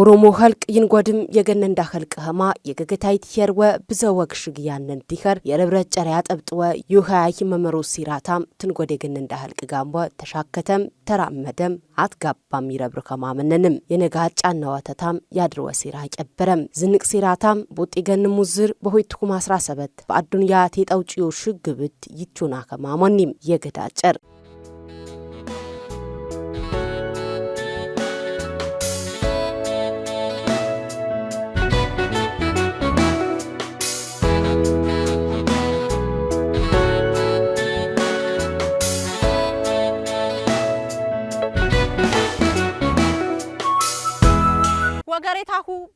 ኦሮሞ ኸልቅ ይንጓድም የገነንዳ ኸልቅ ህማ የገገታይት ሄርወ ብዘወግ ሽግ ያነን ዲኸር የርብረት ጨሪያ ጠብጥወ ዩኸያይ መመሮ ሲራታም ትንጎድ የገነንዳ ኸልቅ ጋንቧ ተሻከተም ተራመደም አትጋባም ይረብር ኸማመነንም የነጋ ጫና ወተታም ያድርወ ሲራ ጨበረም ዝንቅ ሲራታም ቦጤ ገን ሙዝር በሆይትኩም አስራ ሰበት በአዱንያ ቴጣውጭዮ ሽግብት ይቹና ኸማሞኒም የገዳጨር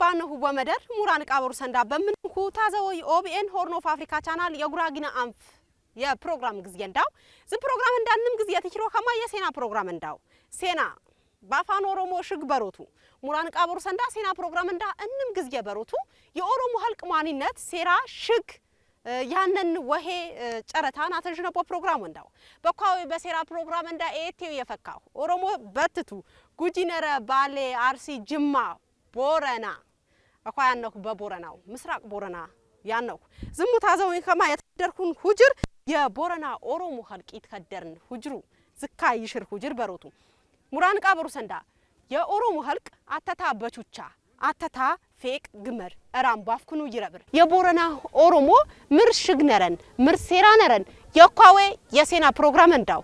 ባነሁ ወመደር ሙራን ቃበሩ ሰንዳ በምንኩ ታዘወይ ኦቢኤን ሆርን ኦፍ አፍሪካ ቻናል የጉራጊና አንፍ የፕሮግራም ጊዜ እንዳው ዝ ፕሮግራም እንዳንም ጊዜ ተችሮ ከማ የሴና ፕሮግራም እንዳው ሴና ባፋን ኦሮሞ ሽግ በሮቱ ሙራን ቃበሩ ሰንዳ ሴና ፕሮግራም እንዳ እንም ጊዜ በሮቱ የኦሮሞ ሀልቅ ማንነት ሴራ ሽግ ያነን ወሄ ጨረታ ጨረታን አተሽነቦ ፕሮግራም እንዳው በኳዊ በሴራ ፕሮግራም እንዳ ኤቴው የፈካው ኦሮሞ በትቱ ጉጂነረ ባሌ አርሲ ጅማ ቦረና እኳ ያነኩ በቦረናው ምስራቅ ቦረና ያነኩ ዝሙታ ዘውኝ ከማ የተደርኩን ሁጅር የቦረና ኦሮሞ ኸልቂት ከደርን ሁጅሩ ዝካ ይሽር ሁጅር በሮቱ ሙራን ቃብሩ ሰንዳ የኦሮሞ ኸልቅ አተታ በቹቻ አተታ ፌቅ ግመር እራም ባፍኩኑ ይረብር የቦረና ኦሮሞ ምር ሽግ ነረን ምር ሴራ ነረን የኳዌ የሴና ፕሮግራም እንዳው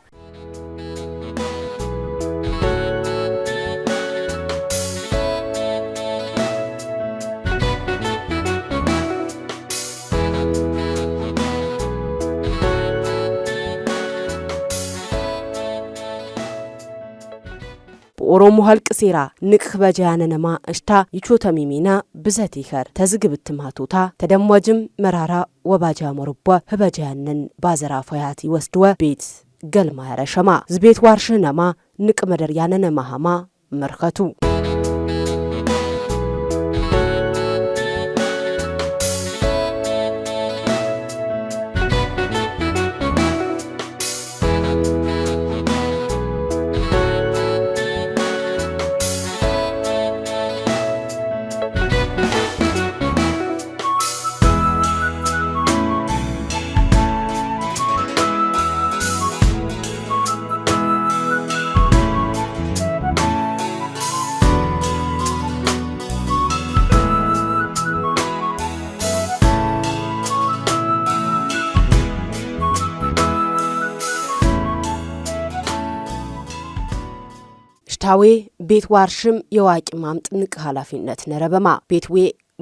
ኦሮሞ ሀልቅ ሴራ ንቅህ በጃያነነማ እሽታ ይቾተሚሜና ብዘት ይኸር ተዝግብትም ሀቶታ ተደሟጅም መራራ ወባጃ መረቧ ህበጃያነን ባዘራ ፈያት ይወስድወ ቤት ገልማ ያረሸማ ዝቤት ዋርሽ ነማ ንቅ መደር ያነነማሃማ መርከቱ ቤታዌ ቤት ዋርሽም የዋቂ ማምጥንቅ ኃላፊነት ነረበማ ቤትዌ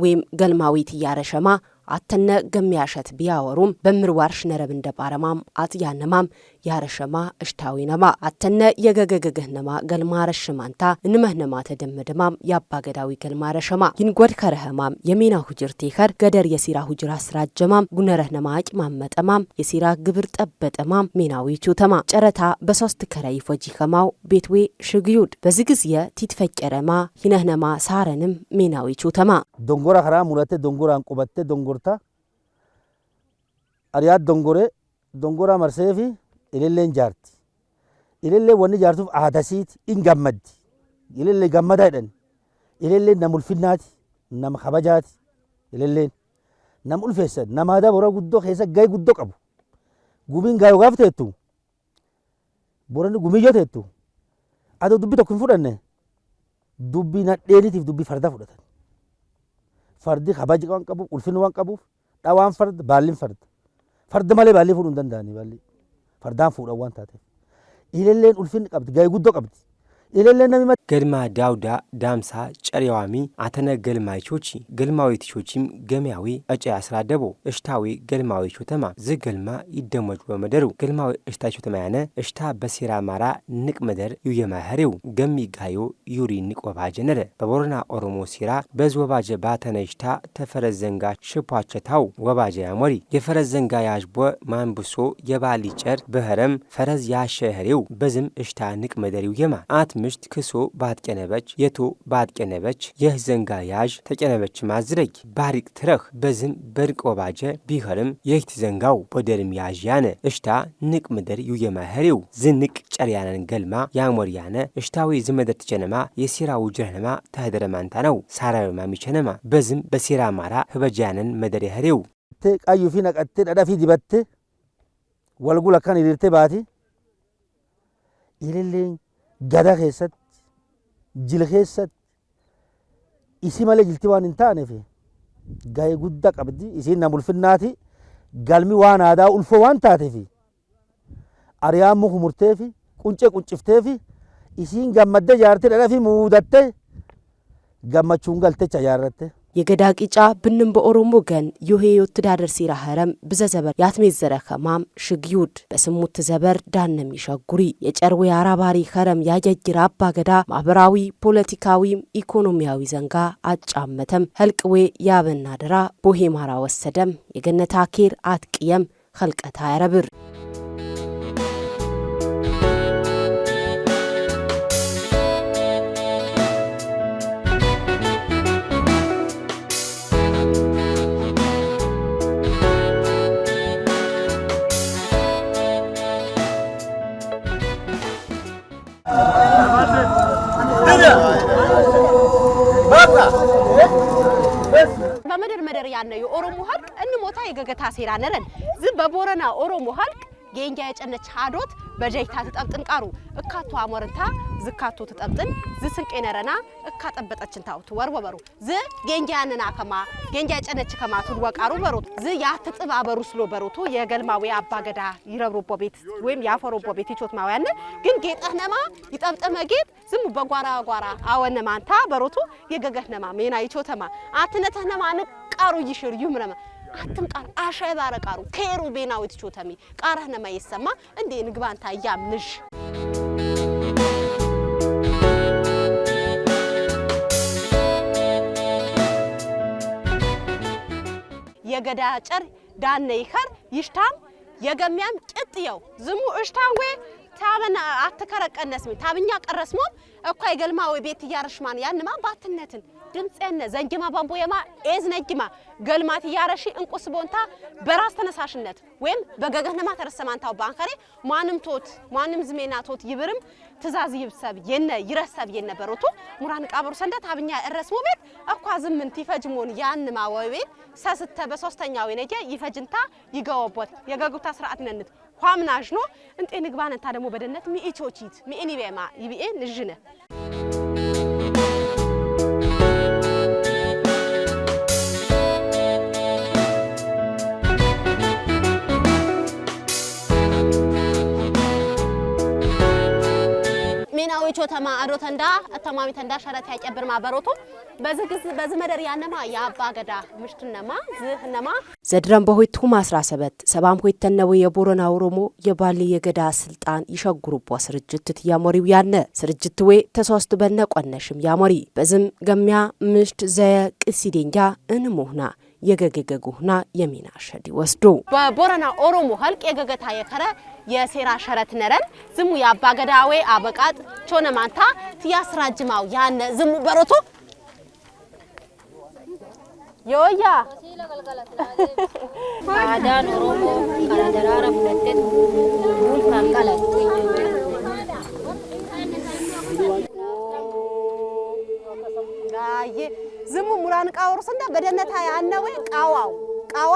ወይም ገልማዊት እያረሸማ አተነ ገሚያሸት ቢያወሩም በምር ዋርሽ ነረብ እንደ ጳረማም አጥያነማም ያረሸማ እሽታዊ ነማ አተነ የገገገግህ ነማ ገልማረሽማንታ እንመህነማ ተደመደማም የአባገዳዊ ገልማረሸማ ይንጎድ ከረህማም የሜና ሁጅር ቴከር ገደር የሲራ ሁጅር አስራጀማም ጉነረህ ነማ አቂማም መጠማም የሲራ ግብር ጠበጠማም ሜናዊ ቹተማ ጨረታ በሶስት ከረ ይፎጂ ከማው ቤትዌ ሽግዩድ በዚ ጊዜ ቲትፈጨረማ ሂነህነማ ሳረንም ሜናዊ ቹተማ ዶንጎራ ከራ ሙለቴ ዶንጎራ ቁበቴ ዶንጎር gurgurta ariyaa dongore dongora marseefi ililleen jaarti ilillee wanni jaartuuf aadasiiti in gammaddi ilillee gammada jedhani ilillee nam ulfinnaati nam kabajaati ilillee nam ulfeessa nam namaa dabora guddoo keessa gahe guddoo qabu gumiin gaayoo gaaf teettu gumii yoo teettu ado dubbi tokko hin fudhanne dubbi nadheenitiif dubbi farda fudhatan fardi kabaji waan qabuuf ulfinni waan qabuuf dhawaan farda baalliin farda farda malee baallii fuudhuu hin danda'anii baalli fardaan fuudhan waan taateef ililleen ulfinni qabdi ga'ee guddoo qabdi የሌለ ነው የሚመ ገልማ ዳውዳ ዳምሳ ጨሪዋሚ አተነ ገልማይ ገልማዊ ትቾቺም ገሚያዊ እጨ ያስራደቦ እሽታዊ ገልማዊ ቾተማ ዝ ገልማ ይደመጩ በመደሩ ገልማዊ እሽታ ቾተማ ያነ እሽታ በሴራ ማራ ንቅ መደር ዩየማህሬው ገሚ ጋዮ ዩሪ ንቅ ወባጀ ነረ በቦረና ኦሮሞ ሴራ በዝ ወባጀ ባተነ እሽታ ተፈረዘንጋ ዘንጋ ወባጀ ያሞሪ የፈረዘንጋ ዘንጋ ያጅቦ ማንብሶ የባሊ ጨር በህረም ፈረዝ ያሸህሬው በዝም እሽታ ንቅ መደር ዩየማ አት ምሽት ክሶ ባትቀነበች የቶ ባትቀነበች የህ ዘንጋ ያዥ ተቀነበች ማዝረግ ባሪቅ ትረኽ በዝም በርቅ ወባጀ ቢኸርም የህት ዘንጋው ወደርም ያዥ ያነ እሽታ ንቅ ምድር ዩየማህሬው ዝንቅ ጨርያነን ገልማ ያሞር ያነ እሽታዊ ዝመደር ትቸነማ ውጅረህነማ ተህደረ ማንታ ነው ሳራዊ ማሚቸነማ በዝም በሴራ ማራ ህበጃያነን መደር ያህሬው ቀዩ ፊ ነቀቴ ደዳፊ ዲበቴ ወልጉ ለካን ይድርቴ ባቲ ይልልኝ Gada keessatti, jil keessatti isii malee jilti waan hin taaneef gahee guddaa qabdi. Isiin nam ulfinnaati. Galmi waan aadaa ulfoo waan taateef ari'aan muku murteef quncee quncifteef isiin gammaddee jaartee fi muudatte gammachuun galtecha jaarratte. የገዳ ቂጫ ብንም በኦሮሞ ገን ዮሄ ዮትዳደር ሲራ ሀረም ኸረም ያትሜ ያትሜዘረ ኸማም ሽግዩድ በስሙት ዘበር ዳነም ይሸጉሪ የጨርዌ አራባሪ ኸረም ያጀጅር አባ ገዳ ማህበራዊ ፖለቲካዊም ኢኮኖሚያዊ ዘንጋ አጫመተም ህልቅዌ ያበናደራ ቦሄማራ ወሰደም የገነታ ኬር አትቅየም ኸልቀታ ያረብር በምድር መደር ያነ የኦሮሞ ሀልቅ እንሞታ የገገታ ሴራ ነረን ዝም በቦረና ኦሮሞ ሀልቅ ጌንጃ የጨነች ሃዶት በጀይታ ትጠብጥን ቃሩ እካቱ አሞርንታ ዝካቱ ትጠብጥን ዝስንቄ ነረና እካ ጠበጠችን ታውት ወርወበሩ ዝ ጌንጃ ያንና ከማ ጌንጃ የጨነች ከማቱን ወቃሩ በሮት ዝ ያትጥብ አበሩ ስሎ በሩቱ የገልማዊ አባገዳ ይረብሮቦ ቤት ወይም ያፈሮቦ ቤት ይቾት ማውያን ግን ጌጠህነማ ይጠብጠመ ጌጥ ዝሙ በጓራ ጓራ አወነማንታ በሮቱ የገገህነማ ሜና ይቾተማ አትነተህነማ ንቃሩ ይሽር ይምረማ አትንቃር አሸባረ ቃሩ ኬሩቤናዊት ቾተሚ ቃረህነማ የሰማ እንዴ ንግባንታ ያምንሽ የገዳ ጨር ዳነ ይኸር ይሽታም የገሚያም ጭጥየው ዝሙ እሽታን ወይ ታበና አትከረቀነስሚ ታብኛ ቀረስሞ እኳ የገልማዊ ቤት እያርሽማን ያንማ ባትነትን ድምፅነ ዘንጅማ የማ ኤዝ ነጅማ ገልማት ያረሺ እንቁስ ቦንታ በራስ ተነሳሽነት ወይም በገገህነማ ተረሰማንታው በአንከሬ ማንም ቶት ማንም ዝሜና ቶት ይብርም ትዛዝ ይብሰብ የነ ይረሰብ የነ በሮቱ ሙራን ቃብሩ ሰንደት አብኛ እረስ ቤት እኳ ዝምን ይፈጅሞን ያን ማወይ ቤት ሰስተ በሶስተኛው የነጀ ይፈጅንታ ይገወቦት የገጉታ ስርዓት ነንት ኳምናሽ ኖ እንጤ ንግባነታ ደግሞ በደነት ሚኢቾቺት ሚኢኒቤማ ይብኤ ንዥነ ዜና ወይቾ ተማ አዶተንዳ አተማሚ ተንዳ ሸረት ያቀብር ማበሮቱ በዝግዝ በዝመደር ያነማ የአባ ገዳ ምሽትነማ ዝህነማ ዘድረን በሆይቱ አስራ ሰበት ሰባም ሆይተነው የቦረና ኦሮሞ የባሊ የገዳ ስልጣን ይሸጉሩቦ ስርጅት ትያሞሪው ያነ ስርጅት ወይ ተሶስት በነ ቆነሽም ያሞሪ በዝም ገሚያ ምሽት ዘየ ቅሲዴንጃ እንሞህና የገገገጉህና የሚናሸድ ይወስዱ በቦረና ኦሮሞ ህልቅ የገገታ የከረ የሴራ ሸረት ነረን ዝሙ የአባገዳዌ አበቃጥ ቾነ ማንታ ትያስራጅማው ያነ ዝሙ በሮቶ ዮያ አዳን ኦሮሞ ካራደራራ ፍለቴት ቡል ካንቀለ ዳዬ ዝሙ ሙራን ቃወሩ ሰንዳ በደነታ ያነዌ ቃዋው ቃዋ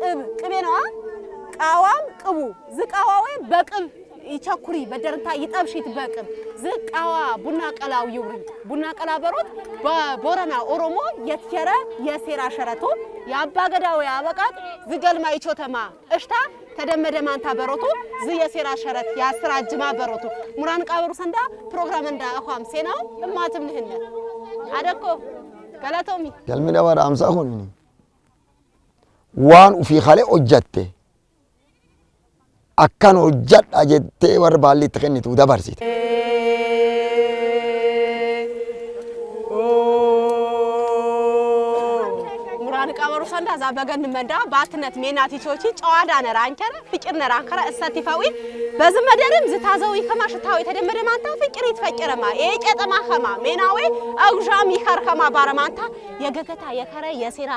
ቅብ ቅቤ ነዋ ቃዋም ቅቡ ዝቃዋ ወይ በቅም ይቸኩሪ በደርታ ይጠብሽት በቅም ዝቃዋ ቡና ቀላው ይውሪ ቡና ቀላ በሮት በቦረና ኦሮሞ የትየረ የሴራ ሸረቶ የአባገዳው ያበቃት ዝገልማ ይቾተማ እሽታ ተደመደ ማንታ በሮቱ ዝ የሴራ ሸረት ያስራጅማ በሮቱ ሙራን ቃበሩ ሰንዳ ፕሮግራም እንዳ አኳም ሴናው እማትም ልህነ አደኮ ገለቶሚ ገልሚ ደበር አምሳ ሁን ዋን ኡፊ ኸሌ ኦጀቴ akkan hojjadha jettee warra baalli itti kennitu dabarsite. ቁርአን ዛ በገን መንዳ ባትነት ሜናት ይቾቺ ጨዋዳ ነራ አንከረ ፍቅር ነራ አንከረ እሰት ይፈዊ በዝም መደርም ዝታዘው ይከማ ሽታው የተደመደ ማንታ ፍቅር ይትፈቀረማ ይሄ ጨጠማ ኸማ ሜናዌ አውዣም ይከርከማ ባረማንታ የገገታ የከረ የሴራ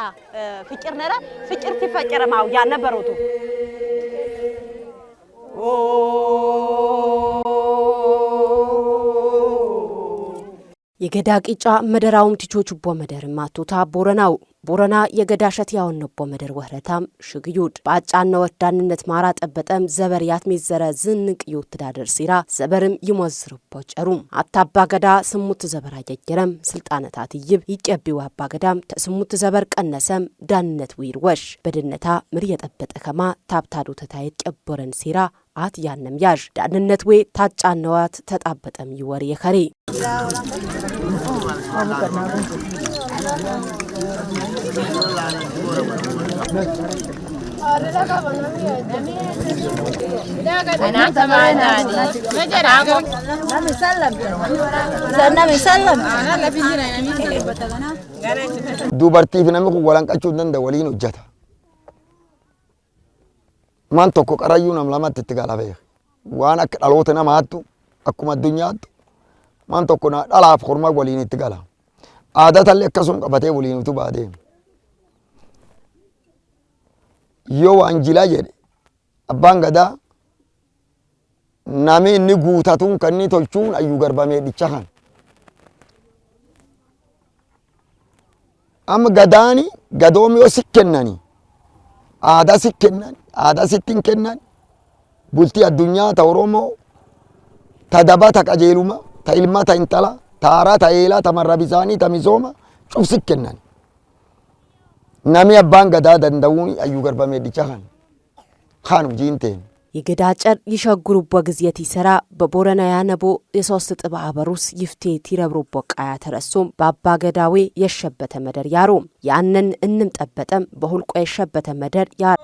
ፍቅር ፍቅር ያነበረቱ የገዳ ቂጫ መደራውም ቲቾች ቦ መደር አቱታ ቦረናው ቦረና የገዳ ሸት ያውን ነቦ መደር ወህረታም ሽግዩድ በአጫነ ወዳንነት ማራ ጠበጠም ዘበር ያትሜዘረ ዝንቅ ይወትዳደር ሲራ ዘበርም ይሞዝርቦ ጨሩም አታባ ገዳ ስሙት ዘበር አጀጀረም ስልጣነታት ይብ ይጨቢው አባ ገዳም ተስሙት ዘበር ቀነሰም ዳንነት ዊር ወሽ በድነታ ምር የጠበጠ ከማ ታብታዶ ተታየት ጨቦረን ሲራ አትያንም ያዥ ዳንነት ወይ ታጫነዋት ተጣበጠም ይወር የከሬ dubartiif namni kun walanqachuu hin danda'u waliin hojjeta. Waan tokko Qaraayyuu nam lamatti itti gaafateera. Waan akka dhaloota namaattu akkuma addunyaattu waan tokko na dhalaaf korma waliin itti gala. Aadaatallee akkasuma qabatee waliin utuu baadeema. Yoo waanjilaa jedhe abbaan gadaa nami inni guutatuun kan inni tolchuun ayyuu garbamee dhicha kan. Amma gadaani gadoomii yoo si kennani aadaa sit kennan aadaa sitti hin kennan bultii addunyaa ta Oromoo ta dabaa ta qajeeluma ta ilma ta intala ta haaraa ta eelaa ta marra bisaanii ta misooma cuf sit kennan nami abbaan gadaa danda'uun ayyuu garba meeddicha kan kan kaanuuf jiinteen የገዳ ጨር ይሸግሩቦ ግዝየት ይሰራ በቦረና ያነቦ የሶስት ጥባ አበሩስ ይፍቴ ቲረብሮቦ ቃያ ተረሱም በአባ ገዳዌ የሸበተ መደር ያሩ ያንን እንም ጠበጠም በሁልቆ የሸበተ መደር ያ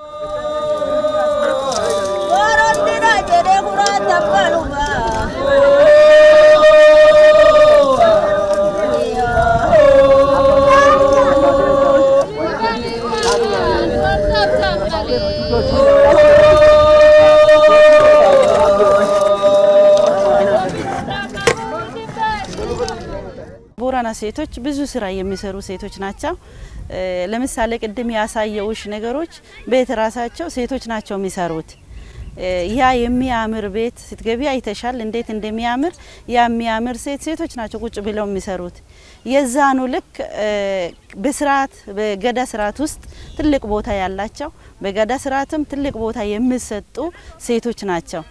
የጎዳና ሴቶች ብዙ ስራ የሚሰሩ ሴቶች ናቸው። ለምሳሌ ቅድም ያሳየውሽ ነገሮች ቤት ራሳቸው ሴቶች ናቸው የሚሰሩት። ያ የሚያምር ቤት ስትገቢ አይተሻል እንዴት እንደሚያምር። ያ የሚያምር ሴት ሴቶች ናቸው ቁጭ ብለው የሚሰሩት። የዛኑ ልክ በስርዓት በገዳ ስርዓት ውስጥ ትልቅ ቦታ ያላቸው በገዳ ስርዓትም ትልቅ ቦታ የሚሰጡ ሴቶች ናቸው።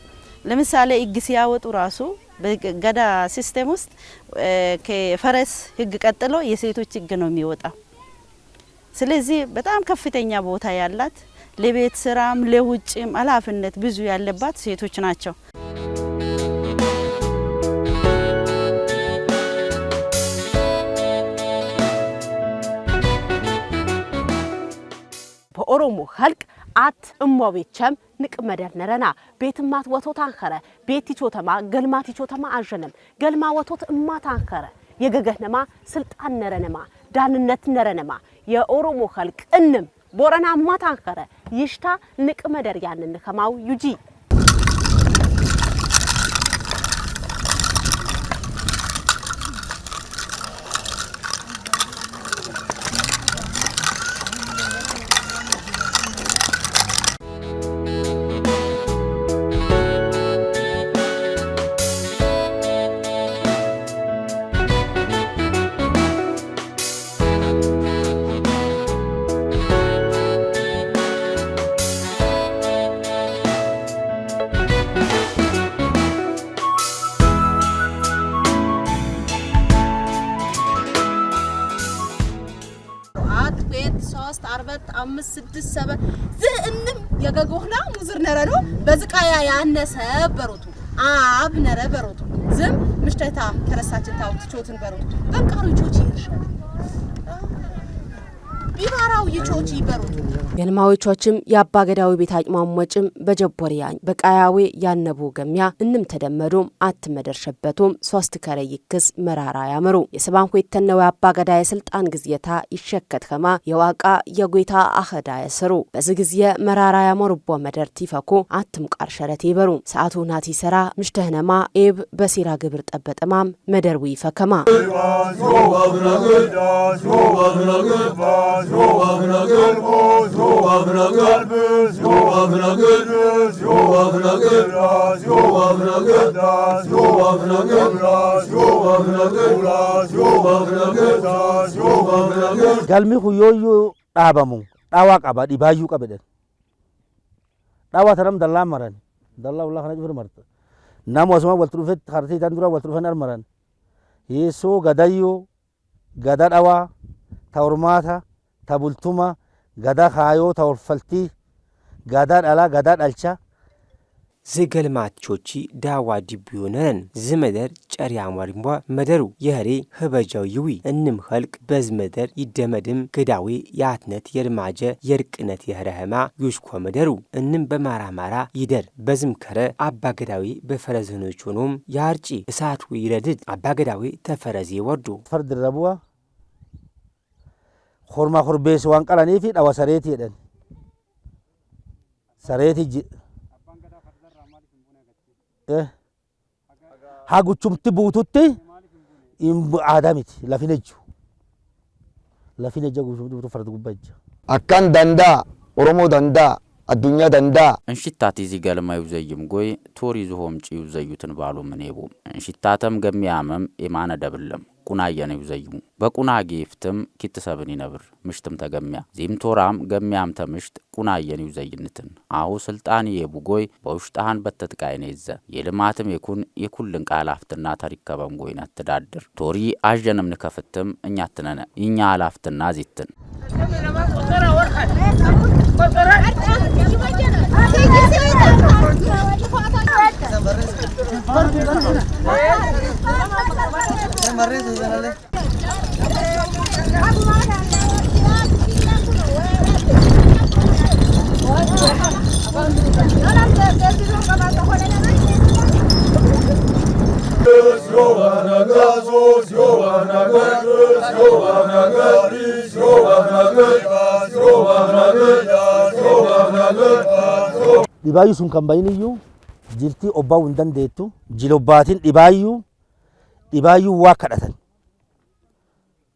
ለምሳሌ ሕግ ሲያወጡ ራሱ በገዳ ሲስተም ውስጥ ከፈረስ ህግ ቀጥሎ የሴቶች ህግ ነው የሚወጣው። ስለዚህ በጣም ከፍተኛ ቦታ ያላት ለቤት ስራም ለውጭም ኃላፊነት ብዙ ያለባት ሴቶች ናቸው። በኦሮሞ ሀልቅ አት እሞቤቸም ንቅመደርነረና ቤትማት ወቶት አንኸረ ቤትቾተማ ገልማትቾተማ አንሸነም ገልማ ወቶት እማት አንኸረ የገገህነማ ስልጣን ነረነማ ዳንነት ነረነማ የኦሮሞ ኸልቅ እንም ቦረና እማት አንኸረ ይሽታ ንቅመደር ያንን ከማው ዩጂ ያነሰ በሮቱ አብ ነረ በሮቱ ዝም ምሽተታ ከረሳችን ታውት ቾትን በሮቱ በንቃሩ ቾች ይርሻል ዲባራው ይቾች ይበሩት የልማዎቿችም የአባገዳዊ ቤት አጭሟሞጭም በጀቦሪያ በቃያዌ ያነቡ ገሚያ እንም ተደመዶም አትመደርሸበቱም ሶስት ከረ ይክስ መራራ ያመሩ የሰባንኮ የተነው የአባገዳ የስልጣን ግዝየታ ይሸከት ከማ የዋቃ የጎይታ አኸዳ የስሩ በዚ ጊዜ መራራ ያመሩቦ መደር ቲፈኩ አትም ቃር ሸረት ይበሩ ሰአቱ ናቲ ሰራ ምሽተህነማ ኤብ በሴራ ግብር ጠበጥማም መደር ፈከማ Yovavına gölboz, yovavına gölbüz, yovavına gölbüz, yovavına gölraz, yovavına gölraz, yovavına gölraz, yovavına gölraz, yovavına gölraz, yovavına gölraz. Galmi huyyoyyuu dhaabamu dhaawaa qaba dhibaayyuu qaba jedhan. Dhaawaa tanam dallaa maran dallaa wallaa kana cufur marta. Nama osuma wal dhufetti hartii tan dura wal dhufan armaran. Yeessoo gadayyoo gadaa dhawaa ta hormaata. ta bultuma gadaa kaayoo ta olfaltii gadaa dhalaa gadaa dhalcha ዘገልማቾቺ ዳዋ ዲቢዮነረን ዝመደር ጨሪያማሪምቧ መደሩ የህሬ ህበጃው ይዊ እንም ኸልቅ በዝመደር ይደመድም ግዳዊ የአትነት የርማጀ የርቅነት የህረህማ ዩሽኮ መደሩ እንም በማራማራ ይደር በዝምከረ አባ ገዳዊ በፈረዘኖች ሆኖም የአርጪ እሳቱ ይረድድ አባ ገዳዊ ተፈረዜ ወርዶ ፈርድ ረቡዋ hormaa horbeessu waan qalanii fi dhawa sareetii jedhan. Sareetii ji. Haa guchumti buututti aadaa miti lafin ejju. Lafin ejja guchumti buutu farda gubbaa ejja. Akkaan danda'a Oromoo danda'a አዱኛ ደንዳ እንሽታት ዚህ ገልማ ይውዘይም ጎይ ቶር ይዝሆም ጭ ይውዘዩትን ባሉ ምኔቡ እንሽታተም ገሚያመም የማነ ደብልም ቁናየነ ዩዘይሙ በቁና ጌፍትም ኪትሰብን ይነብር ምሽትም ተገሚያ ዚምቶራም ገሚያም ተምሽት ቁናየን ዩዘይንትን አሁ ስልጣን የቡጎይ በውሽጣህን በተጥቃይነ ይዘ የልማትም የኩን የኩልን ቃል አፍትና ተሪከበም ጎይነ አትዳድር ቶሪ አዥንም ንከፍትም እኛትነነ እኛ አላፍትና ዚትን ಬರ್ರಿ ಸೀಸನಲ್ಲಿ Giovana Gaso, Giovana Gaso, Giovana Gari, sun kan bayin iyyuu jirtii obbaa hin dandeettu jilobbaatiin dhibaayyuu Dhibaayyuu waa kadhatan.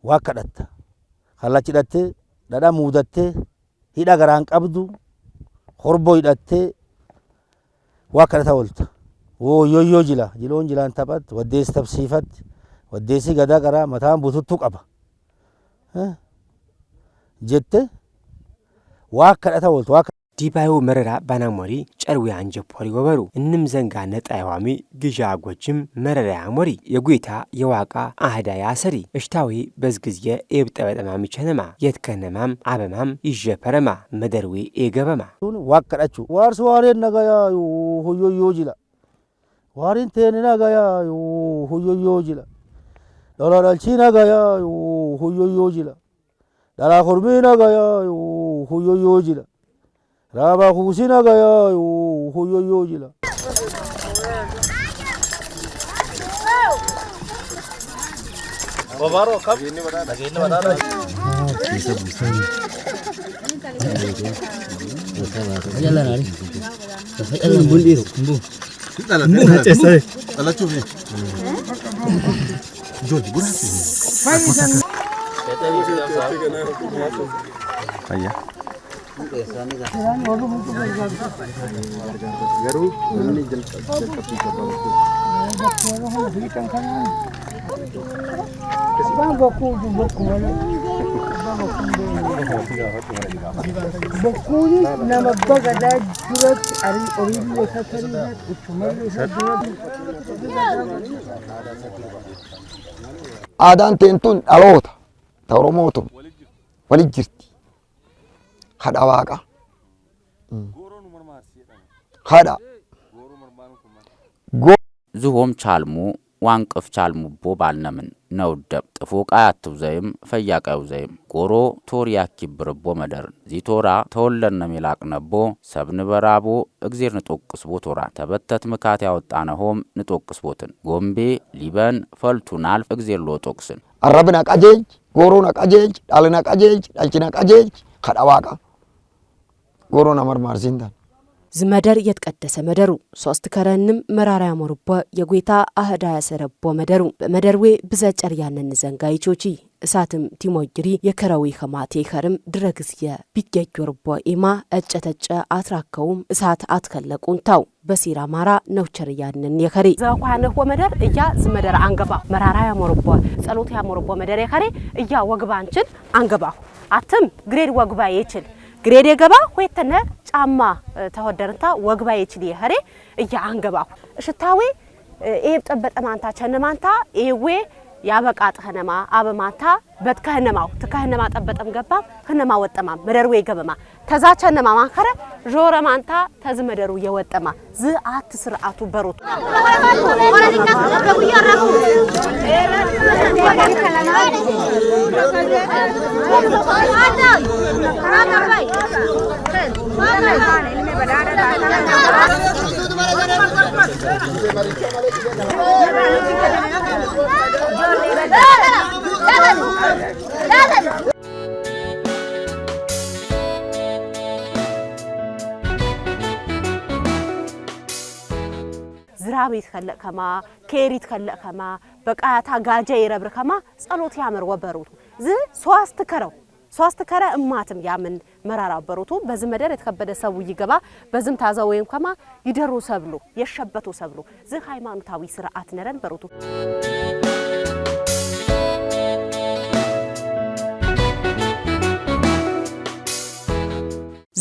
Waa kadhatta. Kallachi hidhattee, dhadhaa muudattee, hidha garaan qabdu, horboo hidhattee waa kadhata oolta. Wooyyoyyoo jila, jiloon jilaan taphatti, waddeessi tabsiifatti, waddeessi gadaa qaraa mataan bututtuu qaba. Jettee waa kadhata oolta. ዲባዩ መረራ ባናሞሪ ጨርዊ አንጀ ፖሪ ወበሩ እንም ዘንጋ ነጣ የዋሚ ግዣ ጎችም መረራ ያሞሪ የጉይታ የዋቃ አህዳ ያሰሪ እሽታዊ በዝግዝየ የብጠበጠማ ሚቸነማ የትከነማም አበማም ይዤ ፐረማ መደርዊ ኤገበማ ዋቀዳችሁ ዋርስ ዋሬን ነገያ ሁዮዮ ጅላ ዋሪን ቴን ነገያ ሁዮዮ ጅላ ዶላዳልቺ ነገያ ሁዮዮ ጅላ ዳላኮርሚ ነገያ ሁዮዮ ጅላ 라바 후시나가야 호요요지라 바바로 갑 나게는 바다라 아 진짜 무슨 Jalan hari. Jalan bulir. Bu. Mun hace sai. Allah tuve. George, bura. Fai san. Ayya. Garuu namni jalqabbii jabbaa bokkuu bokkuun nama bagadaa duratti oriillee isaa tarii uchumallee isaa duratti aadaan teentuun dhaloota ta Oromootum walit jirti. kadha hmm. waaqa ዝሆም ቻልሙ ዋንቅፍ ባልነምን ነውደብ ቃያትው ዘይም ዘይም ጎሮ ቶር ያኪብርቦ ዚቶራ ሰብ ንበራቦ እግዜር ንጦቅስቦ ተበተት ምካት ያወጣነሆም ንጦቅስቦትን ጎምቤ ሊበን ፈልቱን አልፍ እግዜር ሎጦቅስን ከዳዋቃ ጎሮን አመር ማርሲንታ ዝመደር የትቀደሰ መደሩ ሶስት ከረንም መራራ ያሞርቦ የጌታ አህዳ ያሰረቦ መደሩ በመደርዌ ብዘጨር ያነን ዘንጋይቾቺ እሳትም ቲሞጅሪ የከረዊ ከማቴ ከርም ድረግዝየ ቢገጆርቦ ኢማ እጨተጨ አትራከውም እሳት አትከለቁን ታው በሲራ ማራ ነውቸር ያንን የከሬ ዘቋነሆ መደር እያ ዝመደር አንገባ መራራ ያሞርቦ ጸሎት ያሞርቦ መደር የከሬ እያ ወግባንችን አንገባሁ አትም ግሬድ ወግባ የችል ግሬዴ ገባ ሆይተነ ጫማ ተወደርንታ ወግባ ይችል ይኸሬ እያ አንገባሁ እሽታዌ ኤብ ጠበጠ ማንታ ቸነ ማንታ ኤዌ ያበቃ ጥህነማ አበማታ በትከህነማው ትከህነማ ጠበጠም ገባ ህነማ ወጠማ መደሩ የገበማ ተዛቸ ነማ ማከረ ዦረ ማንታ ተዝ መደሩ የወጠማ ዝ አት ስርዓቱ በሮቱ ዝራቤት ከለእ ከማ ኬሪት ከለእ ከማ በቃታ ጋጀ ይረብር ከማ ጸሎት ያምር ወበሩቱ ዝ ሶስት ከረው ሶስት ከረ እማትም ያምን መራራ በሮቱ በዝም መደር የተከበደ ሰው ይገባ በዝም ታዘው ወይም ከማ ይደሩ ሰብሉ የሸበቱ ሰብሉ ዝህ ሃይማኖታዊ ስርዓት ነረን በሮቱ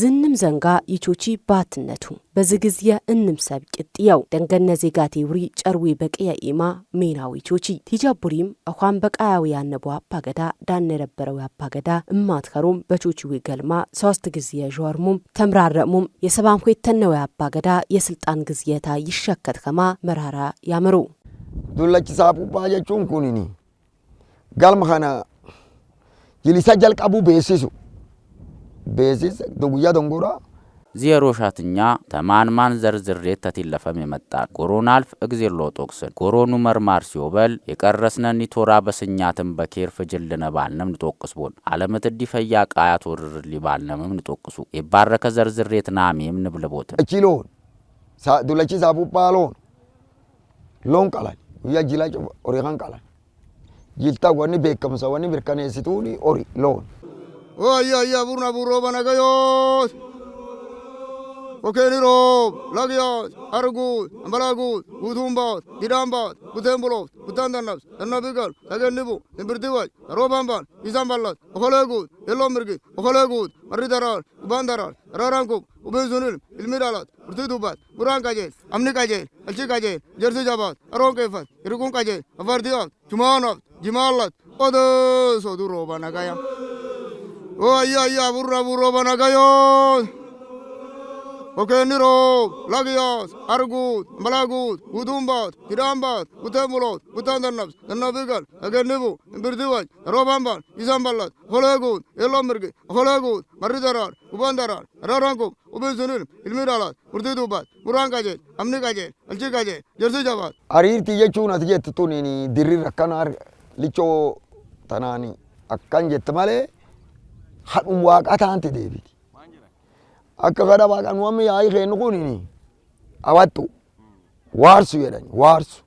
ዝንም ዘንጋ ይቾቺ ባትነቱ በዝግዝየ እንምሰብ ቅጥየው ደንገነ ዜጋቴ ውሪ ጨርዊ በቅየ ኢማ ሜናዊ ቾቺ ቲጃቡሪም አኳን በቃያዊ ያነቦ አባገዳ ዳን የነበረው አባገዳ እማትከሩም በቾቺዊ ገልማ ሶስት ግዚየ ዦርሙም ተምራረሙም የሰባም ሆይተነው አባገዳ የስልጣን ግዚየታ ይሸከት ከማ መራራ ያምሩ ዱለች ሳቡባ ጀቹን ኩኒኒ ገልመ ከና ጅሊሰ ጀልቀቡ ቤሲሱ beesis guyyaa dongoraa ዚየሮ ሻትኛ ተማንማን ዘርዝሬት ተቲለፈም የመጣን ጎሮናልፍ እግዜር ሎጦቅስን ጎሮኑ መርማር ሲወበል የቀረስነን ቶራ በስኛትን በኬር ፍጅልነ ባልነም ንጦቅስቦን አለመት ዲ ፈያ ቃያት ወርርሊ ባልነምም ንጦቅሱ የባረከ ዘርዝሬት ናሜም ንብልቦት እቺሎን ዱለቺ ሳቡባሎን ሎን ቀላል ጉያ ጅላ ኦሪኻን ቀላል ጅልታ ወኒ ቤከምሰ ወኒ ብርከኔሲቱኒ ኦሪ ሎን Oya ya burna burro bana gayos. Okeni rob, lagyos, argus, ambalagus, udumbas, dirambas, utembulos, utandanas, annabigal, agennibu, imbirtivaj, robamban, izamballas, okalegut, illomirgit, okalegut, maridaral, ubandaral, raramkub, ubezunil, ilmiralat, urtidubat, burankajel, amnikajel, alchikajel, jersijabat, aronkefat, irkunkajel, avardiyat, chumanat, jimalat, odes, odurobana gayam. 와이야이야 어, 부르라 부르바나가요 오케니로 라기야 아르구 말라구 우둠바 기람바 우테물로 우탄다납 나비갈 아게네부 임비르디와 로밤바 이산발라 홀라구 엘로미르기 홀라구 마르다라 우반다라 라랑구 우베스늘 일미라라 우르디두바 무랑가제 암니가제 알지가제 열세자바 아리르티 예추나티 예트토니니 디리라카나르 리초 타나니 아칸 제트말레 hadhum waaqa taante deebiti. Akka gara waaqaan wanni yaa'ii keennu kun awattu waarsu jedhani waarsu.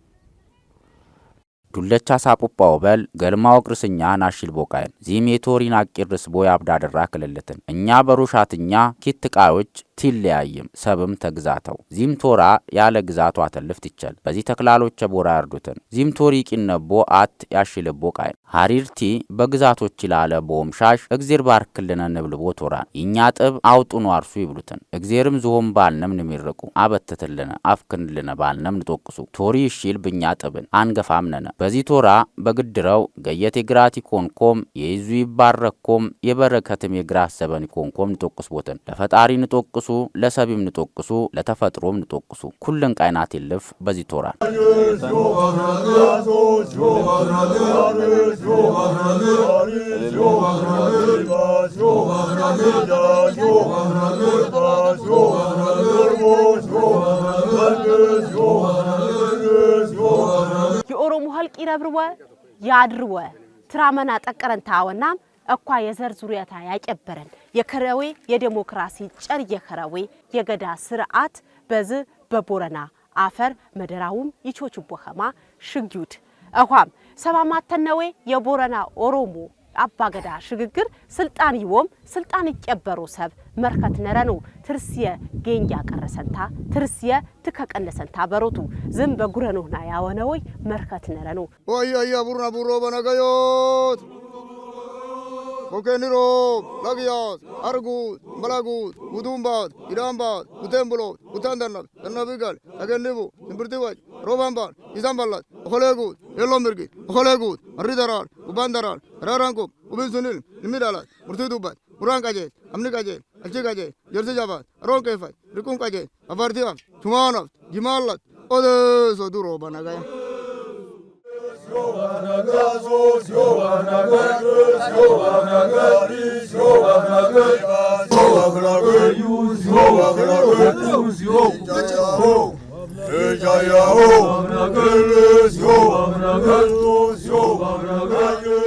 ዱለቻሳ ቁጳው በል ገልማው ቅርስኛ ናሽል ቦቃየን ዚሜቶሪን አቂርስ ቦያ አብዳ ደራ ክልልትን እኛ በሩሻትኛ ኪት ቃዮች ቲለያይም ሰብም ተግዛተው ዚምቶራ ያለ ግዛቱ አተልፍት ይቻል በዚህ ተክላሎች ቦራ ያርዱትን ዚምቶሪ ቂነቦ አት ያሽልቦ ቃይ ሀሪርቲ በግዛቶች ይላለ ቦምሻሽ እግዜር ባርክልነ ንብልቦ ቶራን ይኛ ጥብ አውጡኑ አርሱ ይብሉትን እግዜርም ዝሆም ባልነም ንሚርቁ አበትትልነ አፍክንልነ ባልነም ንጦቅሱ ቶሪ ይሽል ብኛ ጥብን ነነ በዚህ ቶራ በግድረው ገየት የግራት ይኮንኮም የይዙ ይባረኮም የበረከትም የግራት ሰበን ይኮንኮም ንጦቅስ ቦትን ለፈጣሪ ንጦቅሱ ንጠቅሱ ለሰብም ንጠቅሱ ለተፈጥሮም ንጠቅሱ ኩልን ቃይናት ይልፍ በዚህ ቶራል የኦሮሞ ህልቅ ይረብርወ ያድርወ ትራመና ጠቀረን ታወና እኳ የዘር ዙሪያታ ያጨበረን የከረዌ የዴሞክራሲ ጨር የከረዌ የገዳ ስርዓት በዝ በቦረና አፈር መደራውም ይቾች ቦኸማ ሽግዩድ እኳም ሰባማተነዌ የቦረና ኦሮሞ አባገዳ ሽግግር ስልጣን ይወም ስልጣን ይቀበሩ ሰብ መርከት ነረኑ ትርስየ ጌንጃ ቀረሰንታ ትርስየ ትከቀነሰንታ በሮቱ ዝም በጉረኖና ያወነወይ መርከት ነረኑ ወዮ ቡርና ቡሮ በነገዮት 고케니로 라기야스 아르구 말라구 우둠바드 이란바드 우템블로 우탄달랍 단나비갈 아겐리부 임브르티와 로반바 이산발라 홀레구 엘롬르기 홀레구 아리다랄 우반다랄 라랑구 우빈순일 리미랄라 무르티두바 우랑까지 암리까지 알지까지 열세자바 롤케파 리콘까지 아바르티와 주마나 기말라 어데서 두로 바나가야 요하나가소 요하나가그 요하나가리 요하나그 요하나그 유스 요하나그 유스 요하나그 의자야호 요하나그 요하나그 요하나그